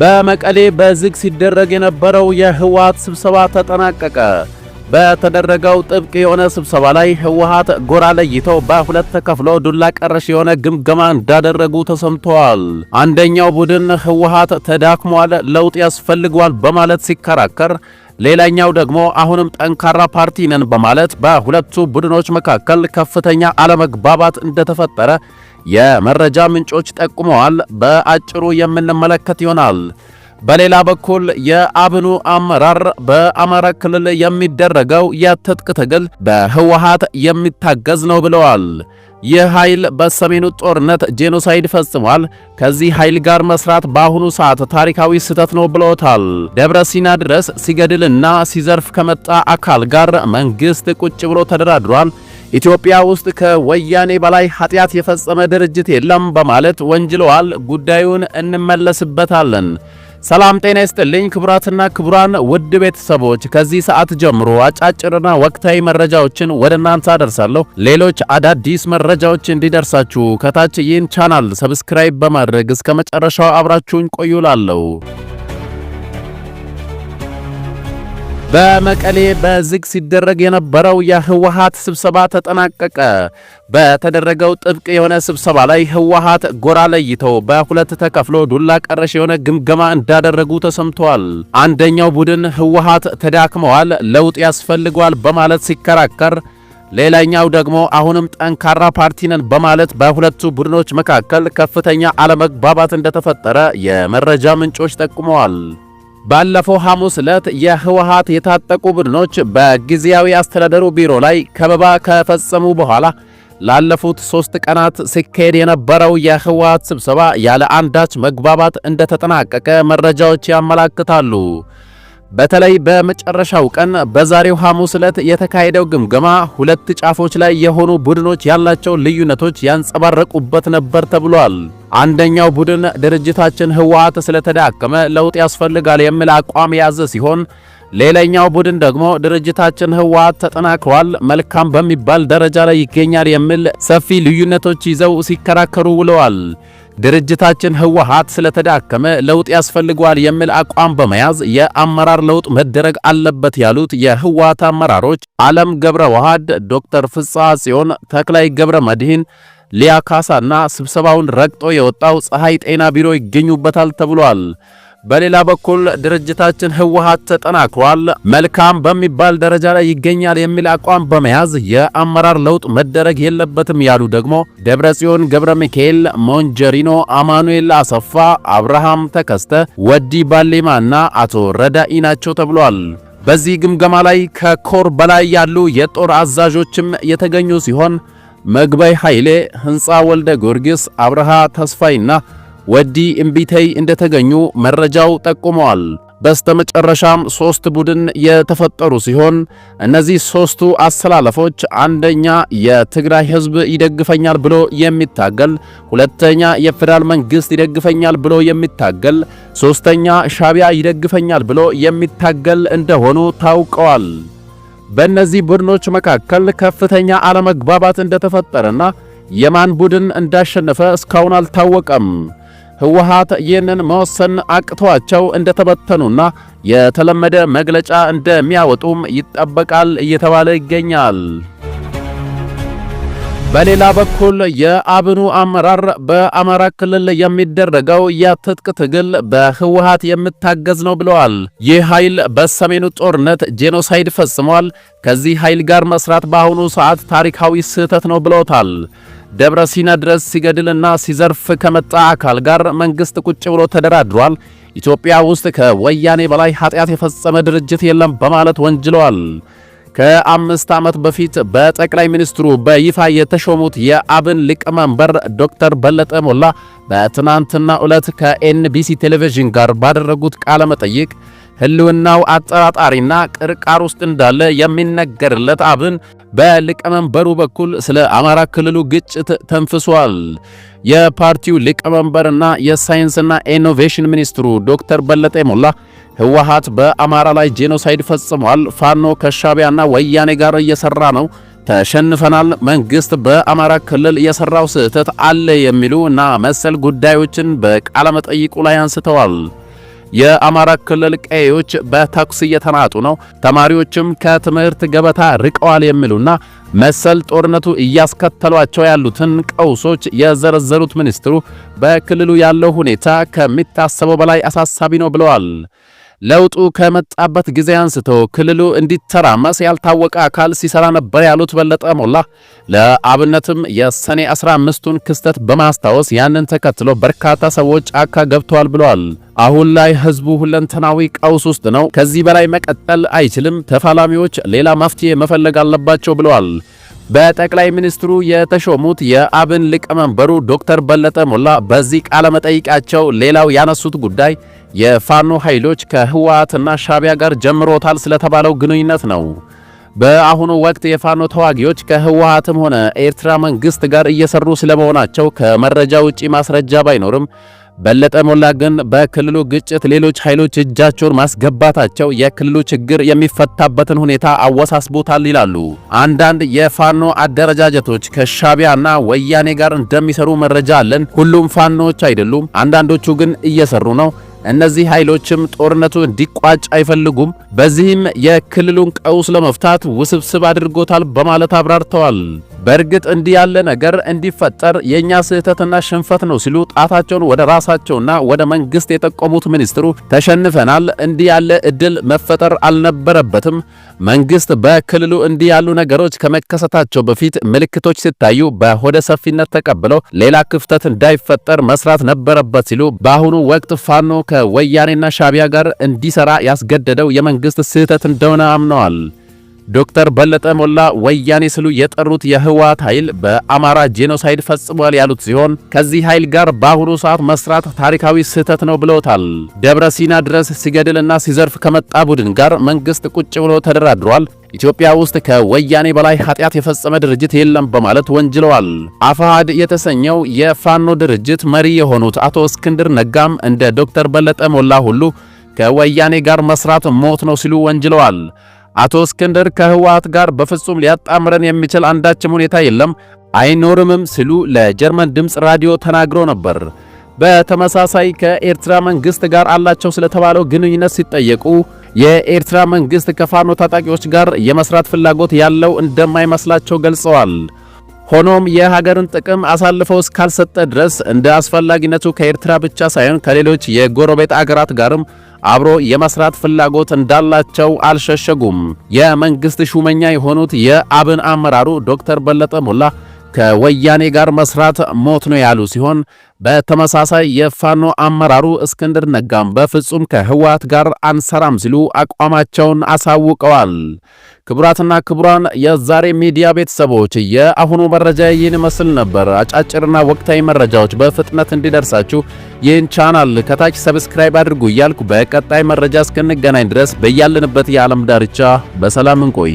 በመቀሌ በዝግ ሲደረግ የነበረው የህወሓት ስብሰባ ተጠናቀቀ። በተደረገው ጥብቅ የሆነ ስብሰባ ላይ ህወሓት ጎራ ለይተው በሁለት ተከፍሎ ዱላ ቀረሽ የሆነ ግምገማ እንዳደረጉ ተሰምተዋል። አንደኛው ቡድን ህወሓት ተዳክሟል፣ ለውጥ ያስፈልገዋል በማለት ሲከራከር፣ ሌላኛው ደግሞ አሁንም ጠንካራ ፓርቲ ነን በማለት በሁለቱ ቡድኖች መካከል ከፍተኛ አለመግባባት እንደተፈጠረ የመረጃ ምንጮች ጠቁመዋል። በአጭሩ የምንመለከት ይሆናል። በሌላ በኩል የአብኑ አመራር በአማራ ክልል የሚደረገው የትጥቅ ትግል በህወሓት የሚታገዝ ነው ብለዋል። ይህ ኃይል በሰሜኑ ጦርነት ጄኖሳይድ ፈጽሟል። ከዚህ ኃይል ጋር መስራት በአሁኑ ሰዓት ታሪካዊ ስህተት ነው ብለውታል። ደብረ ሲና ድረስ ሲገድልና ሲዘርፍ ከመጣ አካል ጋር መንግስት ቁጭ ብሎ ተደራድሯል። ኢትዮጵያ ውስጥ ከወያኔ በላይ ኃጢአት የፈጸመ ድርጅት የለም በማለት ወንጅለዋል። ጉዳዩን እንመለስበታለን። ሰላም ጤና ይስጥልኝ ክቡራትና ክቡራን ውድ ቤተሰቦች፣ ከዚህ ሰዓት ጀምሮ አጫጭርና ወቅታዊ መረጃዎችን ወደ እናንተ አደርሳለሁ። ሌሎች አዳዲስ መረጃዎች እንዲደርሳችሁ ከታች ይህን ቻናል ሰብስክራይብ በማድረግ እስከ መጨረሻው አብራችሁን ቆዩላለሁ። በመቀሌ በዝግ ሲደረግ የነበረው የህወሓት ስብሰባ ተጠናቀቀ። በተደረገው ጥብቅ የሆነ ስብሰባ ላይ ህወሓት ጎራ ለይተው በሁለት ተከፍሎ ዱላ ቀረሽ የሆነ ግምገማ እንዳደረጉ ተሰምተዋል። አንደኛው ቡድን ህወሓት ተዳክመዋል፣ ለውጥ ያስፈልገዋል በማለት ሲከራከር፣ ሌላኛው ደግሞ አሁንም ጠንካራ ፓርቲ ነን በማለት በሁለቱ ቡድኖች መካከል ከፍተኛ አለመግባባት እንደተፈጠረ የመረጃ ምንጮች ጠቁመዋል። ባለፈው ሐሙስ ዕለት የህወሓት የታጠቁ ቡድኖች በጊዜያዊ አስተዳደሩ ቢሮ ላይ ከበባ ከፈጸሙ በኋላ ላለፉት ሦስት ቀናት ሲካሄድ የነበረው የህወሓት ስብሰባ ያለ አንዳች መግባባት እንደተጠናቀቀ መረጃዎች ያመላክታሉ። በተለይ በመጨረሻው ቀን በዛሬው ሐሙስ ዕለት የተካሄደው ግምገማ ሁለት ጫፎች ላይ የሆኑ ቡድኖች ያላቸው ልዩነቶች ያንጸባረቁበት ነበር ተብሏል። አንደኛው ቡድን ድርጅታችን ህወሓት ስለተዳከመ ለውጥ ያስፈልጋል የሚል አቋም የያዘ ሲሆን ሌላኛው ቡድን ደግሞ ድርጅታችን ህወሓት ተጠናክሯል፣ መልካም በሚባል ደረጃ ላይ ይገኛል የሚል ሰፊ ልዩነቶች ይዘው ሲከራከሩ ውለዋል። ድርጅታችን ህወሓት ስለተዳከመ ለውጥ ያስፈልገዋል የሚል አቋም በመያዝ የአመራር ለውጥ መደረግ አለበት ያሉት የህወሓት አመራሮች አለም ገብረ ዋሃድ ዶክተር ፍስሐ ጽዮን፣ ተክላይ ገብረ መድህን ሊያ ካሳና ስብሰባውን ረግጦ የወጣው ፀሐይ ጤና ቢሮ ይገኙበታል ተብሏል። በሌላ በኩል ድርጅታችን ህወሓት ተጠናክሯል፣ መልካም በሚባል ደረጃ ላይ ይገኛል የሚል አቋም በመያዝ የአመራር ለውጥ መደረግ የለበትም ያሉ ደግሞ ደብረጽዮን ገብረ ሚካኤል፣ ሞንጀሪኖ አማኑኤል አሰፋ፣ አብርሃም ተከስተ፣ ወዲ እና አቶ ረዳኢ ናቸው ተብሏል። በዚህ ግምገማ ላይ ከኮር በላይ ያሉ የጦር አዛዦችም የተገኙ ሲሆን መግባይ ኃይሌ፣ ህንፃ ወልደ ጊዮርጊስ፣ አብርሃ ተስፋይና ወዲ እምቢተይ እንደተገኙ መረጃው ጠቁመዋል። በስተመጨረሻም ሶስት ቡድን የተፈጠሩ ሲሆን እነዚህ ሶስቱ አሰላለፎች አንደኛ የትግራይ ህዝብ ይደግፈኛል ብሎ የሚታገል፣ ሁለተኛ የፌደራል መንግስት ይደግፈኛል ብሎ የሚታገል፣ ሶስተኛ ሻቢያ ይደግፈኛል ብሎ የሚታገል እንደሆኑ ታውቀዋል። በእነዚህ ቡድኖች መካከል ከፍተኛ አለመግባባት እንደተፈጠረና የማን ቡድን እንዳሸነፈ እስካሁን አልታወቀም። ህወሓት ይህንን መወሰን አቅቷቸው እንደተበተኑና የተለመደ መግለጫ እንደሚያወጡም ይጠበቃል እየተባለ ይገኛል። በሌላ በኩል የአብኑ አመራር በአማራ ክልል የሚደረገው የትጥቅ ትግል በህወሓት የምታገዝ ነው ብለዋል። ይህ ኃይል በሰሜኑ ጦርነት ጄኖሳይድ ፈጽሟል። ከዚህ ኃይል ጋር መስራት በአሁኑ ሰዓት ታሪካዊ ስህተት ነው ብለውታል። ደብረ ሲና ድረስ ሲገድልና ሲዘርፍ ከመጣ አካል ጋር መንግስት ቁጭ ብሎ ተደራድሯል። ኢትዮጵያ ውስጥ ከወያኔ በላይ ኃጢአት የፈጸመ ድርጅት የለም በማለት ወንጅለዋል። ከአምስት ዓመት በፊት በጠቅላይ ሚኒስትሩ በይፋ የተሾሙት የአብን ሊቀመንበር ዶክተር በለጠ ሞላ በትናንትና ዕለት ከኤንቢሲ ቴሌቪዥን ጋር ባደረጉት ቃለ መጠይቅ ህልውናው አጠራጣሪና ቅርቃር ውስጥ እንዳለ የሚነገርለት አብን በሊቀመንበሩ በኩል ስለ አማራ ክልሉ ግጭት ተንፍሷል። የፓርቲው ሊቀመንበርና የሳይንስና ኢኖቬሽን ሚኒስትሩ ዶክተር በለጠ ሞላ ህወሓት በአማራ ላይ ጄኖሳይድ ፈጽሟል፣ ፋኖ ከሻቢያና ወያኔ ጋር እየሰራ ነው፣ ተሸንፈናል፣ መንግስት በአማራ ክልል የሰራው ስህተት አለ የሚሉ እና መሰል ጉዳዮችን በቃለ መጠይቁ ላይ አንስተዋል። የአማራ ክልል ቀዬዎች በተኩስ እየተናጡ ነው፣ ተማሪዎችም ከትምህርት ገበታ ርቀዋል የሚሉና መሰል ጦርነቱ እያስከተሏቸው ያሉትን ቀውሶች የዘረዘሩት ሚኒስትሩ በክልሉ ያለው ሁኔታ ከሚታሰበው በላይ አሳሳቢ ነው ብለዋል። ለውጡ ከመጣበት ጊዜ አንስቶ ክልሉ እንዲተራመስ ያልታወቀ አካል ሲሰራ ነበር ያሉት በለጠ ሞላ ለአብነትም የሰኔ 15ቱን ክስተት በማስታወስ ያንን ተከትሎ በርካታ ሰዎች ጫካ ገብተዋል ብለዋል። አሁን ላይ ህዝቡ ሁለንተናዊ ቀውስ ውስጥ ነው። ከዚህ በላይ መቀጠል አይችልም። ተፋላሚዎች ሌላ መፍትሄ መፈለግ አለባቸው ብለዋል። በጠቅላይ ሚኒስትሩ የተሾሙት የአብን ሊቀመንበሩ ዶክተር በለጠ ሞላ በዚህ ቃለ መጠይቃቸው ሌላው ያነሱት ጉዳይ የፋኖ ኃይሎች ከህወሓትና ሻቢያ ጋር ጀምሮታል ስለተባለው ግንኙነት ነው። በአሁኑ ወቅት የፋኖ ተዋጊዎች ከህወሓትም ሆነ ኤርትራ መንግስት ጋር እየሰሩ ስለመሆናቸው ከመረጃ ውጪ ማስረጃ ባይኖርም በለጠ ሞላ ግን በክልሉ ግጭት ሌሎች ኃይሎች እጃቸውን ማስገባታቸው የክልሉ ችግር የሚፈታበትን ሁኔታ አወሳስቦታል ይላሉ። አንዳንድ የፋኖ አደረጃጀቶች ከሻቢያና ወያኔ ጋር እንደሚሰሩ መረጃ አለን። ሁሉም ፋኖዎች አይደሉም፣ አንዳንዶቹ ግን እየሰሩ ነው። እነዚህ ኃይሎችም ጦርነቱ እንዲቋጭ አይፈልጉም። በዚህም የክልሉን ቀውስ ለመፍታት ውስብስብ አድርጎታል በማለት አብራርተዋል። በእርግጥ እንዲህ ያለ ነገር እንዲፈጠር የእኛ ስህተትና ሽንፈት ነው ሲሉ ጣታቸውን ወደ ራሳቸውና ወደ መንግስት የጠቆሙት ሚኒስትሩ ተሸንፈናል፣ እንዲህ ያለ እድል መፈጠር አልነበረበትም። መንግስት በክልሉ እንዲህ ያሉ ነገሮች ከመከሰታቸው በፊት ምልክቶች ሲታዩ በሆደ ሰፊነት ተቀብለው ሌላ ክፍተት እንዳይፈጠር መስራት ነበረበት ሲሉ በአሁኑ ወቅት ፋኖ ከወያኔና ሻቢያ ጋር እንዲሰራ ያስገደደው የመንግስት ስህተት እንደሆነ አምነዋል። ዶክተር በለጠ ሞላ ወያኔ ስሉ የጠሩት የህወሓት ኃይል በአማራ ጄኖሳይድ ፈጽሟል ያሉት ሲሆን ከዚህ ኃይል ጋር በአሁኑ ሰዓት መስራት ታሪካዊ ስህተት ነው ብለውታል። ደብረ ሲና ድረስ ሲገድልና ሲዘርፍ ከመጣ ቡድን ጋር መንግስት ቁጭ ብሎ ተደራድሯል። ኢትዮጵያ ውስጥ ከወያኔ በላይ ኃጢአት የፈጸመ ድርጅት የለም በማለት ወንጅለዋል። አፋሃድ የተሰኘው የፋኖ ድርጅት መሪ የሆኑት አቶ እስክንድር ነጋም እንደ ዶክተር በለጠ ሞላ ሁሉ ከወያኔ ጋር መስራት ሞት ነው ሲሉ ወንጅለዋል። አቶ እስክንድር ከህወሓት ጋር በፍጹም ሊያጣምረን የሚችል አንዳችም ሁኔታ የለም አይኖርምም ሲሉ ለጀርመን ድምፅ ራዲዮ ተናግሮ ነበር። በተመሳሳይ ከኤርትራ መንግስት ጋር አላቸው ስለተባለው ግንኙነት ሲጠየቁ የኤርትራ መንግስት ከፋኖ ታጣቂዎች ጋር የመስራት ፍላጎት ያለው እንደማይመስላቸው ገልጸዋል። ሆኖም የሀገርን ጥቅም አሳልፈው እስካልሰጠ ድረስ እንደ አስፈላጊነቱ ከኤርትራ ብቻ ሳይሆን ከሌሎች የጎረቤት አገራት ጋርም አብሮ የመስራት ፍላጎት እንዳላቸው አልሸሸጉም። የመንግስት ሹመኛ የሆኑት የአብን አመራሩ ዶክተር በለጠ ሞላ ከወያኔ ጋር መስራት ሞት ነው ያሉ ሲሆን በተመሳሳይ የፋኖ አመራሩ እስክንድር ነጋም በፍጹም ከህወሓት ጋር አንሰራም ሲሉ አቋማቸውን አሳውቀዋል። ክቡራትና ክቡራን የዛሬ ሚዲያ ቤተሰቦች የአሁኑ መረጃ ይህን ይመስል ነበር። አጫጭርና ወቅታዊ መረጃዎች በፍጥነት እንዲደርሳችሁ ይህን ቻናል ከታች ሰብስክራይብ አድርጉ እያልኩ በቀጣይ መረጃ እስክንገናኝ ድረስ በያለንበት የዓለም ዳርቻ በሰላም እንቆይ።